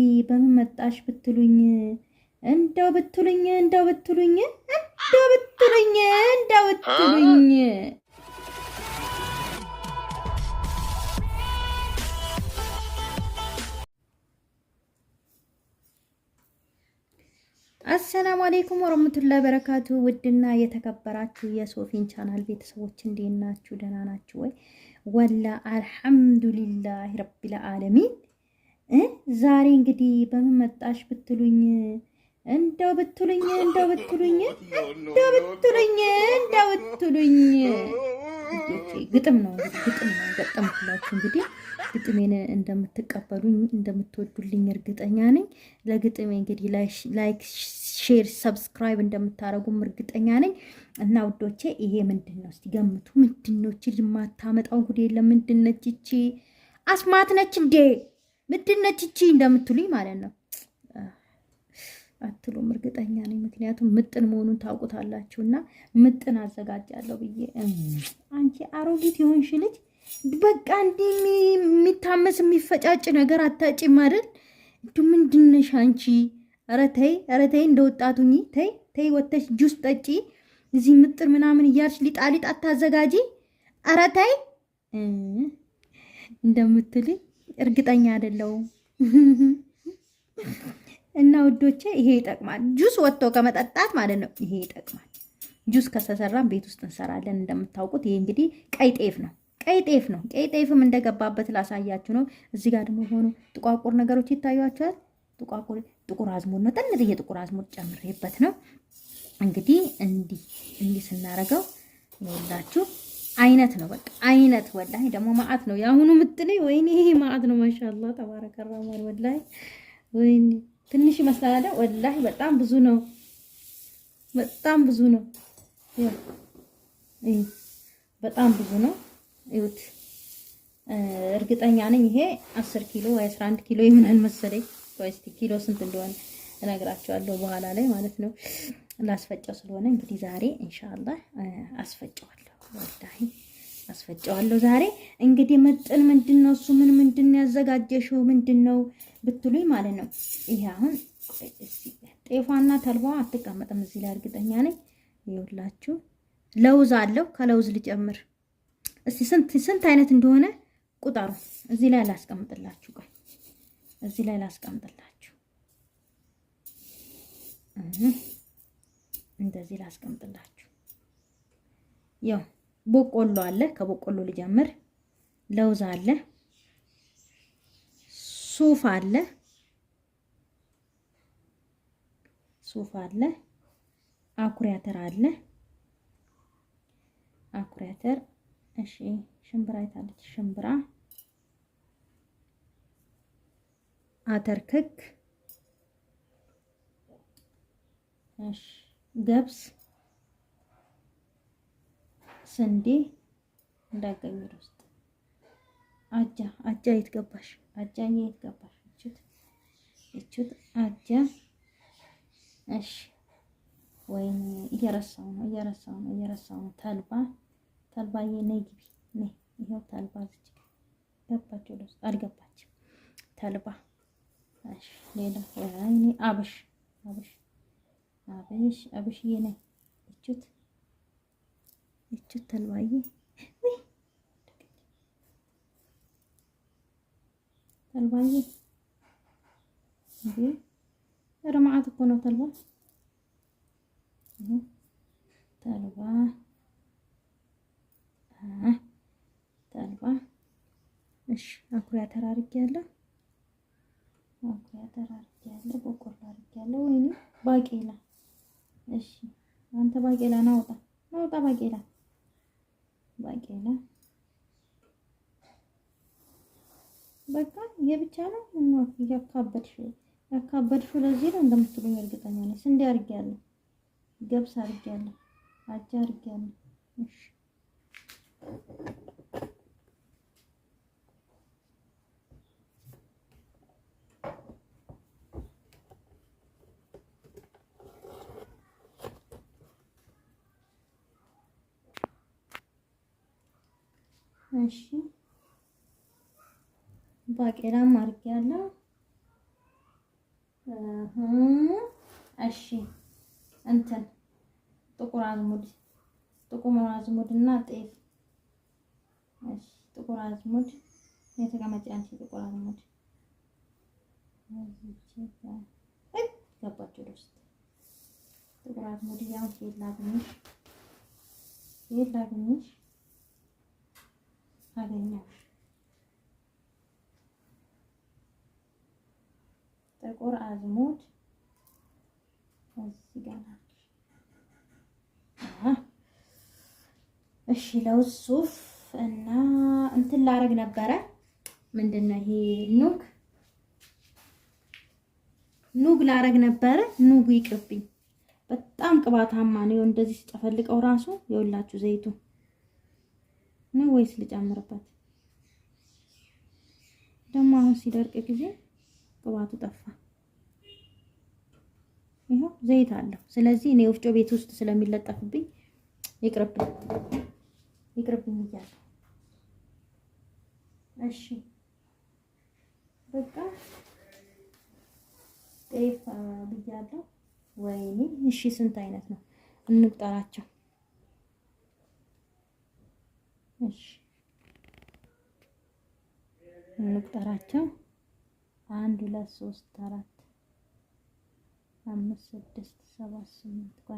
እንግዲህ በምን መጣሽ ብትሉኝ እንደው ብትሉኝ እንደው ብትሉኝ እንደው ብትሉኝ እንደው ብትሉኝ አሰላሙ አሌይኩም ወረህመቱላሂ በረካቱ። ውድና የተከበራችሁ የሶፊን ቻናል ቤተሰቦች እንዴት ናችሁ? ደህና ናችሁ ወይ? ወላ አልሐምዱሊላህ ረቢል ዓለሚን ዛሬ እንግዲህ በምን መጣሽ ብትሉኝ እንደው ብትሉኝ እንደው ብትሉኝ እንደው ብትሉኝ እንደው ብትሉኝ ግጥም ነው ግጥም ነው ገጠምኩላችሁ። እንግዲህ ግጥሜን እንደምትቀበሉኝ እንደምትወዱልኝ እርግጠኛ ነኝ። ለግጥሜ እንግዲህ ላይክ፣ ሼር፣ ሰብስክራይብ እንደምታደርጉም እርግጠኛ ነኝ እና ውዶቼ ይሄ ምንድን ነው? እስቲ ገምቱ። ምንድን ነው? እቺ የማታመጣው ጉድ የለም። ምንድን ነች? እቺ አስማት ነች እንዴ? ምድነች ይቺ እንደምትሉኝ ማለት ነው አትሉም፣ እርግጠኛ ነኝ። ምክንያቱም ምጥን መሆኑን ታውቁታላችሁ። እና ምጥን አዘጋጃለሁ ብዬ አንቺ አሮጊት የሆንሽ ልጅ በቃ እንዲህ የሚታመስ የሚፈጫጭ ነገር አታጭም አይደል? እንዲሁ ምንድን አንቺ? ኧረ ተይ፣ ኧረ ተይ፣ እንደ ወጣቱኝ ተይ፣ ተይ፣ ወተሽ ጁስ ጠጪ፣ እዚህ ምጥን ምናምን እያልሽ ሊጣሊጥ አታዘጋጂ፣ ኧረ ተይ እንደምትልኝ እርግጠኛ አይደለሁም። እና ውዶቼ ይሄ ይጠቅማል። ጁስ ወጥቶ ከመጠጣት ማለት ነው። ይሄ ይጠቅማል። ጁስ ከተሰራም ቤት ውስጥ እንሰራለን እንደምታውቁት። ይሄ እንግዲህ ቀይ ጤፍ ነው። ቀይ ጤፍ ነው። ቀይ ጤፍም እንደገባበት ላሳያችሁ ነው። እዚህ ጋር ደግሞ የሆኑ ጥቋቁር ነገሮች ይታያችኋል። ጥቋቁር ጥቁር አዝሙድ ነው። ጥንትዬ ጥቁር አዝሙድ ጨምሬበት ነው። እንግዲህ እንዲህ እንዲህ ስናረገው ይኸውላችሁ አይነት ነው በቃ አይነት ወላሂ ደግሞ ማአት ነው የአሁኑ ምትል ወይኔ ይሄ ማአት ነው። ማሻአላ ተባረከ ረህማን ወላሂ ወይኔ ትንሽ ይመስላል አይደል? ወላሂ በጣም ብዙ ነው፣ በጣም ብዙ ነው፣ በጣም ብዙ ነው። ይሁት እርግጠኛ ነኝ ይሄ 10 ኪሎ ወይ 11 ኪሎ ይሆናል መሰለኝ። ወይ ወይስ ኪሎ ስንት እንደሆነ እነግራቸዋለሁ በኋላ ላይ ማለት ነው። ላስፈጨው ስለሆነ እንግዲህ ዛሬ ኢንሻአላህ አስፈጨዋለሁ። ወላሂ አስፈጨዋለሁ ዛሬ። እንግዲህ ምጥን ምንድን ነው እሱ ምን ምንድን ነው ያዘጋጀሽው ምንድን ነው ብትሉኝ ማለት ነው። ይሄ አሁን ጤፏና ተልቧ አትቀመጥም እዚህ ላይ እርግጠኛ ነኝ። ይኸውላችሁ ለውዝ አለው ከለውዝ ልጨምር እስቲ ስንት ስንት አይነት እንደሆነ ቁጠሩ። እዚህ ላይ ላስቀምጥላችሁ፣ ቆይ እዚህ ላይ ላስቀምጥላችሁ፣ እንደዚህ ላስቀምጥላችሁ ያው ቦቆሎ አለ። ከቦቆሎ ልጀምር። ለውዝ አለ፣ ሱፍ አለ፣ ሱፍ አለ፣ አኩሪ አተር አለ፣ አኩሪ አተር። እሺ ሽምብራ የታለች? ሽምብራ፣ አተር ክክ፣ እሺ ገብስ ስንዴ እንዳገኝ ወደ ውስጥ አጃ አጃ የት ገባሽ? አጃ የት ገባሽ? እችት እችት አጃ እሺ። ወይኔ እየረሳው ነው እየረሳው ነው እየረሳው ነው። ተልባ ተልባዬ ነይ ግቢ ነይ። ይኸው ተልባ ዝች ገባች ወደ ውስጥ አልገባችም። ተልባ እሺ። ሌላ ወይኔ አብሽ አብሽ አብሽ አብሽ ነይ እችት ይችተን ባይ ተልባዬ እንዴ ኧረ እኮ ነው ተልባ ተልባ ተልባ። እሺ አኩሪያ ተራርጌ ያለ አኩሪያ ተራርጌ ያለ በቆሎ አድርጌ ያለ ወይኔ ባቄላ። እሺ አንተ ባቄላ ናውጣ ናውጣ ባቄላ ነው። በቃ የብቻ ነው እና ያካበድሽ ያካበድሽ ለዚህ ነው እንደምትሉኝ እርግጠኛ ነኝ። ስንዴ አድርጊያለሁ፣ ገብስ አድርጊያለሁ፣ አጃ አድርጊያለሁ። እሺ እሺ ባቄላም አድርጌያለሁ። እሺ እንትን ጥቁር አዝሙድ ጥቁር አዝሙድ እና ጤፍ። እሺ ጥቁር አዝሙድ የተቀመጠ አንቺ ጥቁር አዝሙድ ገባችሁ ውስጥ ጥቁር አዝሙድ ያው ሄድ ላግኝሽ ጥቁር አዝሙድ እዚህ ጋር እሺ፣ ለውዝ ሱፍ እና እንትን ላረግ ነበረ። ምንድን ነው ይሄ? ኑግ ኑግ ላረግ ነበረ። ኑግ ይቅርብኝ። በጣም ቅባታማ ነው። እንደዚህ ስጠፈልቀው ራሱ የውላችሁ ዘይቱ ነው ወይስ ልጨምርበት? ደግሞ አሁን ሲደርቅ ጊዜ ቅባቱ ጠፋ። ይኸው ዘይት አለው። ስለዚህ እኔ ወፍጮ ቤት ውስጥ ስለሚለጠፍብኝ ይቅርብኝ ይቅርብኝ እያለሁ እሺ በቃ ጤፍ ብያለሁ። ወይኔ እሺ፣ ስንት አይነት ነው እንቁጠራቸው። እሺ እንቁጠራቸው። አንድ ሁለት ሶስት አራት አምስት ስድስት ሰባት ስምንት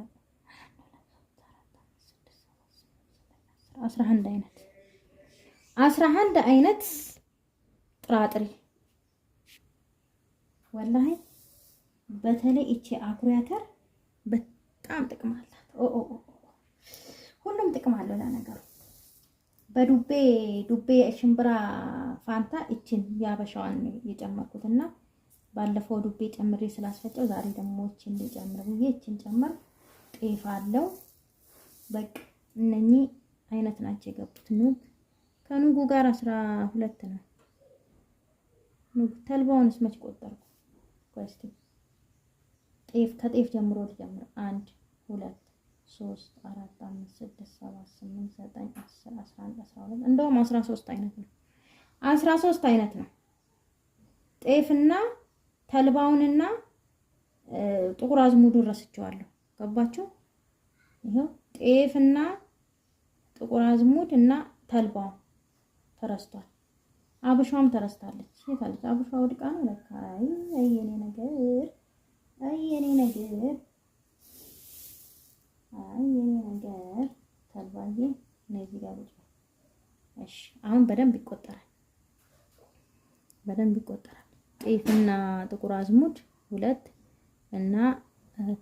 አስራ አንድ አይነት አስራ አንድ አይነት ጥራጥሬ ወላሂ በተለይ እቺ አኩሪ አተር በጣም ጥቅም አላት። ሁሉም ጥቅም አለው ለነገሩ በዱቤ ዱቤ ሽምብራ ፋንታ እችን ያበሻዋን ነው የጨመርኩት እና ባለፈው ዱቤ ጨምሬ ስላስፈጨው ዛሬ ደግሞ እችን ልጨምር ብዬ እችን ጨመር። ጤፍ አለው በቃ እነኚህ አይነት ናቸው የገቡት። ኑግ ከኑጉ ጋር አስራ ሁለት ነው። ኑግ ተልባውንስ መች ቆጠርኩ? ጤፍ ከጤፍ ጀምሮ ልጀምር። አንድ ሁለት ሶስት አራት አምስት ስድስት ሰባት ስምንት ዘጠኝ አስር አስራ አንድ አስራ ሁለት እንደውም አስራ ሶስት አይነት ነው። አስራ ሶስት አይነት ነው። ጤፍና ተልባውንና ጥቁር አዝሙዱን ረስቸዋለሁ። ገባችሁ? ይሄው ጤፍና ጥቁር አዝሙድ እና ተልባው ተረስቷል። አብሿም ተረስታለች። የታለች አብሿ ወድቃ ነው ለካ። አይ የኔ ነገር፣ አይ የኔ ነገር አይ የኔ ነገር ተባዬ እነዚህ ጋር ልጅ እሺ፣ አሁን በደንብ ይቆጠራል፣ በደንብ ይቆጠራል። ጤፍና ጥቁር አዝሙድ ሁለት እና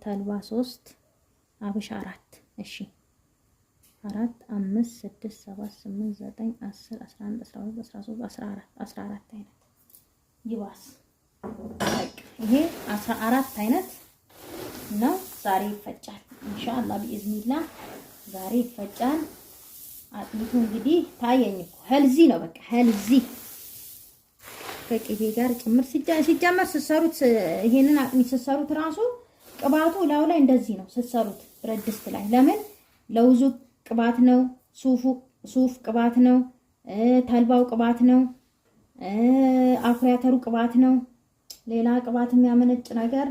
ተልባ ሶስት አብሽ አራት እሺ አራት አምስት ስድስት ሰባት ስምንት ዘጠኝ አስር አስራ አንድ አስራ ሁለት አስራ ሶስት አስራ አራት አስራ አራት አይነት ይባስ ይሄ አስራ አራት አይነት ነው። ዛሬ ይፈጫል። ኢንሻአላህ ቢኢዝኒላ ዛሬ ይፈጫል። አጥሚቱ እንግዲህ ታየኝ እኮ ሄልዚ ነው። በቃ ሄልዚ ከቅቤ ጋር ጭምር ሲጀመር ስትሰሩት፣ ይሄንን አጥሚት ስትሰሩት ራሱ ቅባቱ ላዩ ላይ እንደዚህ ነው ስትሰሩት፣ ብረት ድስት ላይ ለምን ለውዙ ቅባት ነው፣ ሱፉ ሱፍ ቅባት ነው፣ ተልባው ቅባት ነው፣ አኩሪ አተሩ ቅባት ነው። ሌላ ቅባት የሚያመነጭ ነገር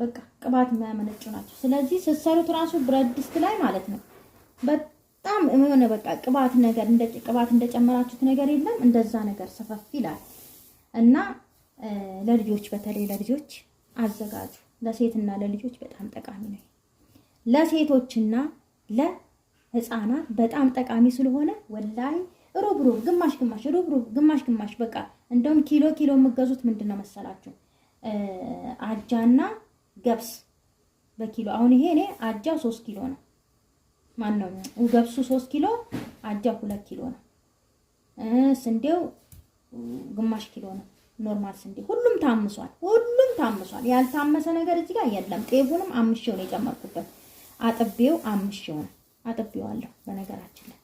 በቃ ቅባት የማያመነጩ ናቸው። ስለዚህ ስትሰሩት ራሱ ብረት ድስት ላይ ማለት ነው በጣም የሆነ በቃ ቅባት ነገር እንደ ቅባት እንደጨመራችሁት ነገር የለም እንደዛ ነገር ሰፈፍ ይላል እና ለልጆች በተለይ ለልጆች አዘጋጁ። ለሴትና ለልጆች በጣም ጠቃሚ ነው። ለሴቶችና ለህፃናት በጣም ጠቃሚ ስለሆነ ወላይ ሩብ ሩብ ግማሽ ግማሽ ሩብ ሩብ ግማሽ ግማሽ በቃ እንደውም ኪሎ ኪሎ የምገዙት ምንድን ነው መሰላችሁ አጃና ገብስ በኪሎ አሁን ይሄ እኔ አጃው ሶስት ኪሎ ነው። ማነው ገብሱ ሶስት ኪሎ አጃው ሁለት ኪሎ ነው። ስንዴው ግማሽ ኪሎ ነው። ኖርማል ስንዴ ሁሉም ታምሷል። ሁሉም ታምሷል። ያልታመሰ ነገር እዚህ ጋር የለም። ጤፉንም አምሼው ነው የጨመርኩበት። አጥቤው አምሼው ነው አጥቤዋለሁ። በነገራችን ላይ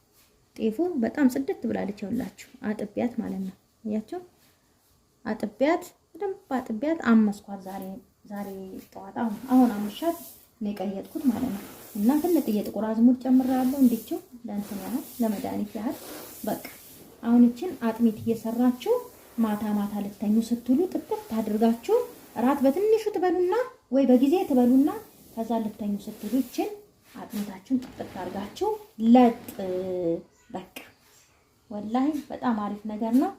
ጤፉ በጣም ጽድት ብላለች። ይኸውላችሁ አጥቢያት ማለት ነው። እያቸው አጥቢያት በደንብ አጥቢያት አመስኳት ዛሬ ዛሬ ጠዋት አሁን አመሻት ነው የቀየጥኩት ማለት ነው። እና ትልቅ የጥቁር አዝሙድ ጨምራለሁ እንዲችው ለእንትን ያህል ለመድኃኒት ያህል በቃ አሁን እቺን አጥሚት እየሰራችሁ ማታ ማታ ልተኙ ስትሉ ጥጥፍ ታድርጋችሁ እራት በትንሹ ትበሉና ወይ በጊዜ ትበሉና ከዛ ልተኙ ስትሉ እቺን አጥሚታችሁን ጥጥፍ ታድርጋችሁ ለጥ በቃ ወላሂ በጣም አሪፍ ነገር ነው።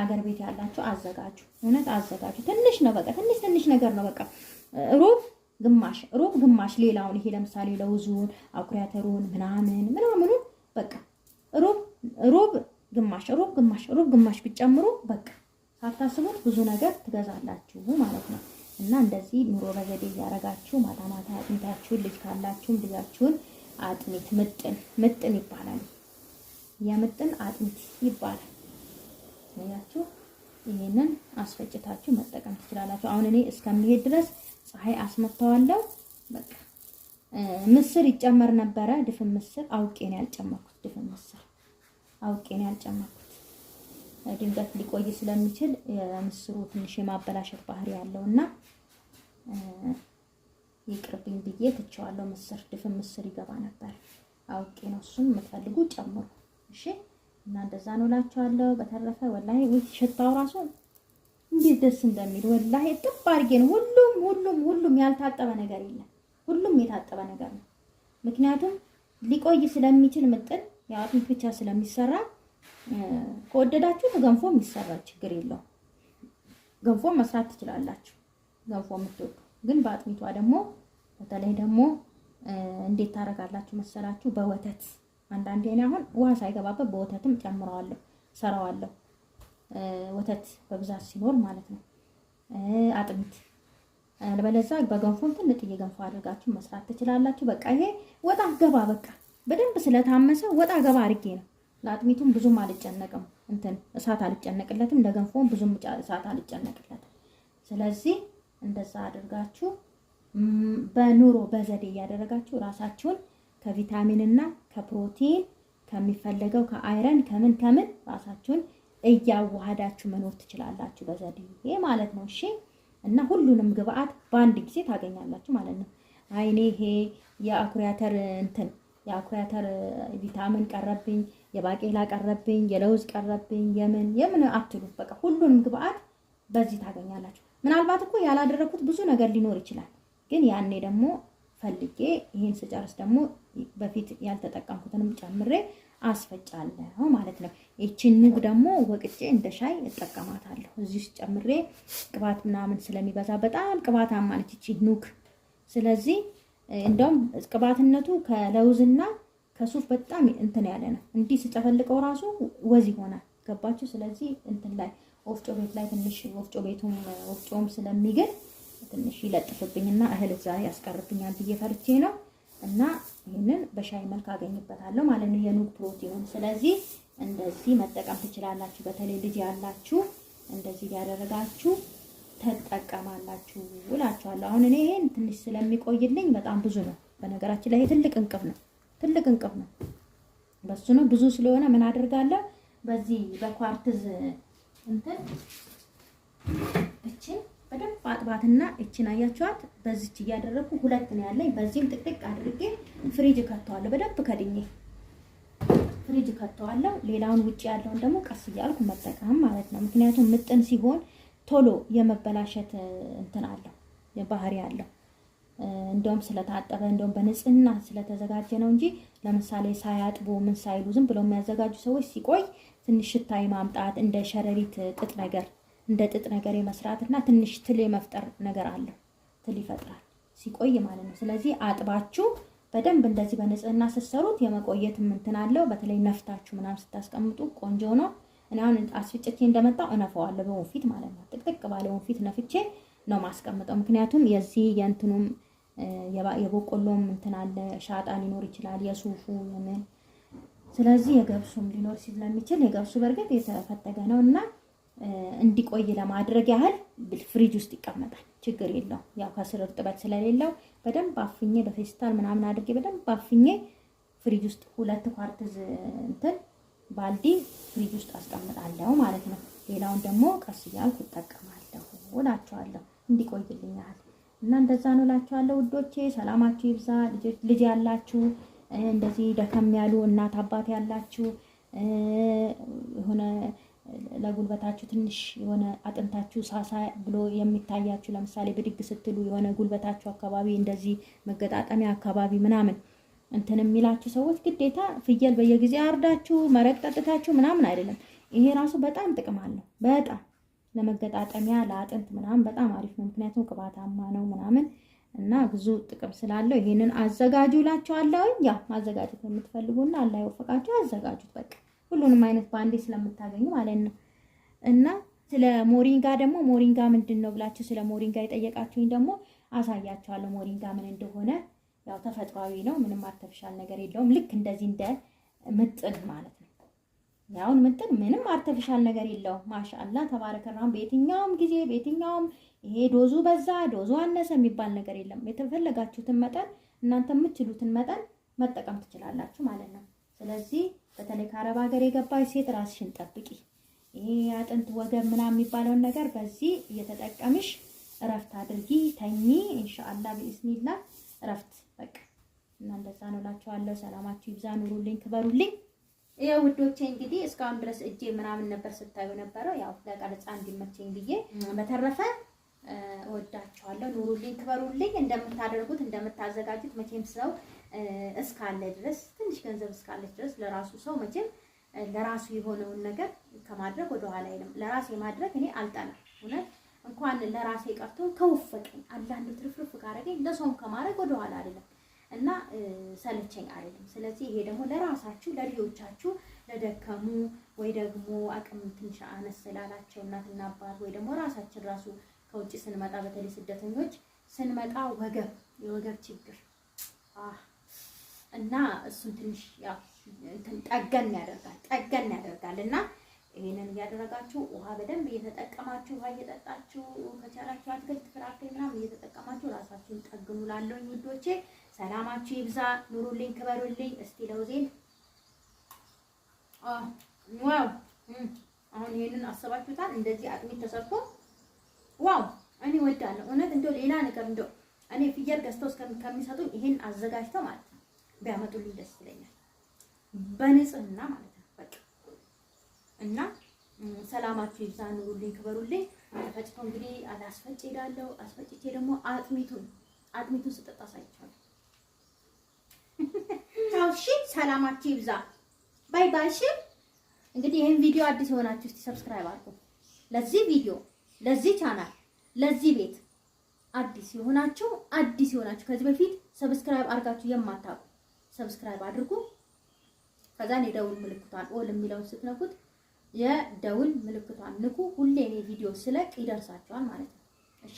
አገር ቤት ያላችሁ አዘጋጁ። እውነት አዘጋጁ። ትንሽ ነው በቃ ትንሽ ትንሽ ነገር ነው በቃ ሩብ ግማሽ ሩብ ግማሽ ሌላውን ይሄ ለምሳሌ ለውዙን አኩሪ አተሩን ምናምን ምናምኑን በቃ ሩብ ሩብ ግማሽ ሩብ ግማሽ ሩብ ግማሽ ቢጨምሩ በቃ ሳታስቡት ብዙ ነገር ትገዛላችሁ ማለት ነው። እና እንደዚህ ኑሮ በዘዴ እያደረጋችሁ ማታ ማታ አጥንታችሁን ልጅ ካላችሁም ልጃችሁን አጥሚት ምጥን ምጥን ይባላል። የምጥን አጥሚት ይባላል። ብላችሁ ይሄንን አስፈጭታችሁ መጠቀም ትችላላችሁ። አሁን እኔ እስከሚሄድ ድረስ ፀሐይ አስመታዋለሁ። በቃ ምስር ይጨመር ነበረ፣ ድፍን ምስር አውቄ ነው ያልጨመርኩት። ድፍን ምስር አውቄ ነው ያልጨመርኩት። ድንገት ሊቆይ ስለሚችል ምስሩ ትንሽ የማበላሸት ባህሪ ያለውና ይቅርብኝ ብዬ ትቸዋለሁ። ምስር ድፍን ምስር ይገባ ነበር አውቄ ነው። እሱን የምትፈልጉ ጨምሩ። እሺ እና እንደዛ ነው እላችኋለሁ። በተረፈ ወላሂ ሽታው ራሱ እንዴት ደስ እንደሚል ወላሂ ጥብ አድርጌን። ሁሉም ሁሉም ሁሉም ያልታጠበ ነገር የለም፣ ሁሉም የታጠበ ነገር ነው። ምክንያቱም ሊቆይ ስለሚችል ምጥን የአጥሚት ብቻ ስለሚሰራ ከወደዳችሁ ገንፎ የሚሰራ ችግር የለው ገንፎ መስራት ትችላላችሁ፣ ገንፎ የምትወዱ ግን በአጥሚቷ ደግሞ በተለይ ደግሞ እንዴት ታደርጋላችሁ መሰላችሁ በወተት አንዳንዴ እኔ አሁን ውሃ ሳይገባበት በወተትም ጨምረዋለሁ ሰራዋለሁ። ወተት በብዛት ሲኖር ማለት ነው። አጥሚት ለበለዛ በገንፎን ትንጥዬ ገንፎ አድርጋችሁ መስራት ትችላላችሁ። በቃ ይሄ ወጣ ገባ በቃ በደንብ ስለታመሰ ወጣ ገባ አድርጌ ነው። ለአጥሚቱም ብዙም አልጨነቅም፣ እንትን እሳት አልጨነቅለትም። ለገንፎን ብዙም እሳት አልጨነቅለትም። ስለዚህ እንደዛ አድርጋችሁ በኑሮ በዘዴ እያደረጋችሁ ራሳችሁን ከቪታሚን እና ከፕሮቲን ከሚፈለገው ከአይረን ከምን ከምን ራሳችሁን እያዋሃዳችሁ መኖር ትችላላችሁ። በዘዴ ይሄ ማለት ነው። እሺ እና ሁሉንም ግብአት በአንድ ጊዜ ታገኛላችሁ ማለት ነው። አይኔ ይሄ የአኩሪያተር እንትን የአኩሪያተር ቪታሚን ቀረብኝ፣ የባቄላ ቀረብኝ፣ የለውዝ ቀረብኝ፣ የምን የምን አትሉ። በቃ ሁሉንም ግብአት በዚህ ታገኛላችሁ። ምናልባት እኮ ያላደረኩት ብዙ ነገር ሊኖር ይችላል። ግን ያኔ ደግሞ ፈልጌ ይህን ስጨርስ ደግሞ በፊት ያልተጠቀምኩትንም ጨምሬ አስፈጫለሁ ማለት ነው። ይችን ኑግ ደግሞ ወቅጬ እንደ ሻይ እጠቀማታለሁ። እዚህ ውስጥ ጨምሬ ቅባት ምናምን ስለሚበዛ በጣም ቅባታማ ነች ይቺ ኑግ። ስለዚህ እንደውም ቅባትነቱ ከለውዝና ከሱፍ በጣም እንትን ያለ ነው። እንዲህ ስጨፈልቀው ራሱ ወዝ ይሆናል። ገባችሁ? ስለዚህ እንትን ላይ ወፍጮ ቤት ላይ ትንሽ ወፍጮ ቤቱም ወፍጮውም ስለሚገል ትንሽ ይለጥፍብኝና እህል እዛ ያስቀርብኛል ብዬ ፈርቼ ነው እና ይህንን በሻይ መልክ አገኝበታለሁ ማለት ነው፣ የኑግ ፕሮቲን ስለዚህ እንደዚህ መጠቀም ትችላላችሁ። በተለይ ልጅ ያላችሁ እንደዚህ ያደረጋችሁ ተጠቀማላችሁ እላችኋለሁ። አሁን እኔ ይሄን ትንሽ ስለሚቆይልኝ በጣም ብዙ ነው። በነገራችን ላይ ትልቅ እንቅብ ነው፣ ትልቅ እንቅብ ነው። በሱ ነው ብዙ ስለሆነ ምን አድርጋለሁ በዚህ በኳርትዝ እንትን እችን በደንብ አጥባትና እችን አያችኋት፣ በዚች እያደረኩ ሁለት ነው ያለኝ። በዚህም ጥቅጥቅ አድርጌ ፍሪጅ ከተዋለሁ። በደንብ ከድኜ ፍሪጅ ከተዋለሁ። ሌላውን ውጭ ያለውን ደግሞ ቀስ እያልኩ መጠቀም ማለት ነው። ምክንያቱም ምጥን ሲሆን ቶሎ የመበላሸት እንትን አለው የባህሪ አለው። እንደውም ስለታጠበ እንደውም በንጽህና ስለተዘጋጀ ነው እንጂ ለምሳሌ ሳያጥቡ ምን ሳይሉ ዝም ብለው የሚያዘጋጁ ሰዎች ሲቆይ ትንሽ ሽታ ማምጣት እንደ ሸረሪት ጥጥ ነገር እንደ ጥጥ ነገር የመስራት እና ትንሽ ትል የመፍጠር ነገር አለ። ትል ይፈጥራል ሲቆይ ማለት ነው። ስለዚህ አጥባችሁ በደንብ እንደዚህ በንጽህና ስትሰሩት የመቆየት እንትን አለው። በተለይ ነፍታችሁ ምናምን ስታስቀምጡ ቆንጆ ነው። እኔ አሁን አስፍጭቼ እንደመጣው እነፈዋለሁ በወንፊት ማለት ነው። ጥቅጥቅ ባለ ወንፊት ነፍቼ ነው ማስቀምጠው። ምክንያቱም የዚህ የእንትኑም የበቆሎም እንትን አለ ሻጣ ሊኖር ይችላል፣ የሱፉ የምን ስለዚህ የገብሱም ሊኖር ስለሚችል የገብሱ በእርግጥ የተፈተገ ነው እና እንዲቆይ ለማድረግ ያህል ፍሪጅ ውስጥ ይቀመጣል። ችግር የለው። ያው ከስር እርጥበት ስለሌለው በደንብ አፍኜ በፌስታል ምናምን አድርጌ በደንብ አፍኜ ፍሪጅ ውስጥ ሁለት ኳርትዝ እንትን ባልዲ ፍሪጅ ውስጥ አስቀምጣለሁ ማለት ነው። ሌላውን ደግሞ ቀስ እያልኩ እጠቀማለሁ እላችኋለሁ። እንዲቆይልኝ ያህል እና እንደዛ ነው እላችኋለሁ ውዶቼ። ሰላማችሁ ይብዛ። ልጅ ያላችሁ እንደዚህ ደከም ያሉ እናት አባት ያላችሁ የሆነ ለጉልበታችሁ ትንሽ የሆነ አጥንታችሁ ሳሳ ብሎ የሚታያችሁ ለምሳሌ ብድግ ስትሉ የሆነ ጉልበታችሁ አካባቢ እንደዚህ መገጣጠሚያ አካባቢ ምናምን እንትን የሚላችሁ ሰዎች ግዴታ ፍየል በየጊዜ አርዳችሁ መረቅ ጠጥታችሁ ምናምን አይደለም። ይሄ ራሱ በጣም ጥቅም አለው። በጣም ለመገጣጠሚያ ለአጥንት ምናምን በጣም አሪፍ ነው። ምክንያቱም ቅባታማ ነው ምናምን እና ብዙ ጥቅም ስላለው ይሄንን አዘጋጁ እላችኋለሁ። ያው ማዘጋጀት የምትፈልጉና አላየው ፈቃችሁ አዘጋጁት በቃ ሁሉንም አይነት በአንዴ ስለምታገኙ ማለት ነው እና ስለ ሞሪንጋ ደግሞ ሞሪንጋ ምንድን ነው ብላችሁ ስለ ሞሪንጋ የጠየቃችሁኝ ደግሞ አሳያችኋለሁ። ሞሪንጋ ምን እንደሆነ ያው ተፈጥሯዊ ነው፣ ምንም አርተፊሻል ነገር የለውም። ልክ እንደዚህ እንደ ምጥን ማለት ነው። ያውን ምጥን ምንም አርተፊሻል ነገር የለውም። ማሻአላ ተባረከ ራህማን። በየትኛውም ጊዜ በየትኛውም ይሄ ዶዙ በዛ ዶዙ አነሰ የሚባል ነገር የለም። የተፈለጋችሁትን መጠን እናንተ የምትችሉትን መጠን መጠቀም ትችላላችሁ ማለት ነው። ስለዚህ በተለይ ከአረብ ሀገር የገባች ሴት ራስሽን ጠብቂ። ይሄ አጥንት ወገብ ምናምን የሚባለውን ነገር በዚህ እየተጠቀምሽ እረፍት አድርጊ፣ ተኚ። ኢንሻአላ ቢስሚላ እረፍት በቃ እና እንደዛ ነው እላችኋለሁ። ሰላማችሁ ይብዛ፣ ኑሩልኝ፣ ክበሩልኝ። ይሄ ውዶቼ እንግዲህ እስካሁን ድረስ እጄ ምናምን ነበር ስታዩ ነበረው፣ ያው ለቀረጻ እንዲመቸኝ ብዬ በተረፈ እወዳችኋለሁ። ኑሩልኝ፣ ክበሩልኝ። እንደምታደርጉት እንደምታዘጋጁት መቼም ሰው እስካለ ድረስ ትንሽ ገንዘብ እስካለች ድረስ ለራሱ ሰው መቼም ለራሱ የሆነውን ነገር ከማድረግ ወደኋላ አይልም። ለራሴ ማድረግ እኔ አልጠላም። እውነት እንኳን ለራሴ ቀርቶ ከወፈቀኝ አንዳንድ ትርፍርፍ ካረገኝ ለሰውም ከማድረግ ወደኋላ አይደለም እና ሰለቸኝ አይደለም። ስለዚህ ይሄ ደግሞ ለራሳችሁ ለልጆቻችሁ ለደከሙ ወይ ደግሞ አቅም ትንሽ አነስ ላላቸው እናትና አባት ወይ ደግሞ ራሳችን ራሱ ከውጭ ስንመጣ በተለይ ስደተኞች ስንመጣ ወገብ የወገብ ችግር አህ እና እሱን ትንሽ ያው ጠገን ያደርጋል ጠገን ያደርጋል እና ይሄንን እያደረጋችሁ ውሃ በደንብ እየተጠቀማችሁ ውሃ እየጠጣችሁ ከቻላችሁ አትክልት፣ ፍራፍሬ ምናምን እየተጠቀማችሁ ራሳችሁን ጠግኑ። ውዶቼ ሰላማችሁ ይብዛ። ኑሩልኝ፣ ክበሩልኝ። እስቲ ለውዜን ዋው! አሁን ይሄንን አሰባችሁታል። እንደዚህ አጥሚት ተሰርቶ ዋው! እኔ ወዳለሁ እውነት እንደው ሌላ ነገር እንደው እኔ ፍየል ገዝተው እስከሚሰጡኝ ይሄን አዘጋጅተው ማለት ቢያመጡልኝ ደስ ይለኛል። በንጽህና ማለት ነው በቃ እና ሰላማችሁ ይብዛ፣ ኑሩልኝ፣ ክበሩልኝ። ተፈጭቶ እንግዲህ አላስፈጭ ሄዳለሁ። አስፈጭቼ ደግሞ አጥሚቱን አጥሚቱን ስጠጣ ሳይቻለሁ። ታውሺ ሰላማችሁ ይብዛ። ባይ ባይ። እሺ እንግዲህ ይህን ቪዲዮ አዲስ የሆናችሁ እስቲ ሰብስክራይብ አድርጉ። ለዚህ ቪዲዮ ለዚህ ቻናል ለዚህ ቤት አዲስ የሆናችሁ አዲስ የሆናችሁ ከዚህ በፊት ሰብስክራይብ አድርጋችሁ የማታውቁ ሰብስክራይብ አድርጉ። ከዛን የደውል ምልክቷን ኦል የሚለውን ስትነኩት የደውል ምልክቷን ንኩ። ሁሌ እኔ ቪዲዮ ስለቅ ይደርሳቸዋል ማለት ነው። እሺ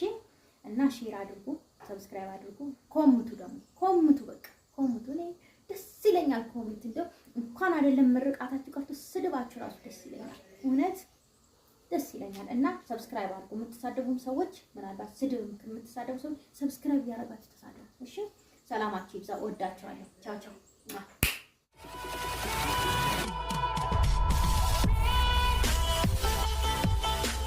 እና ሼር አድርጉ፣ ሰብስክራይብ አድርጉ። ኮምቱ ደግሞ ኮምቱ፣ በቃ ኮምቱ። እኔ ደስ ይለኛል ኮምት። እንደው እንኳን አይደለም ምርቃታችሁ ቀርቶ ስድባችሁ ራሱ ደስ ይለኛል፣ እውነት ደስ ይለኛል። እና ሰብስክራይብ አድርጉ። የምትሳደቡም ሰዎች ምናልባት ስድብ የምትሳደቡ ሰዎች ሰብስክራይብ እያደረጋችሁ ተሳደቡ። እሺ ሰላማችሁ ይብዛ። ወዳችኋለሁ። ቻው ቻው።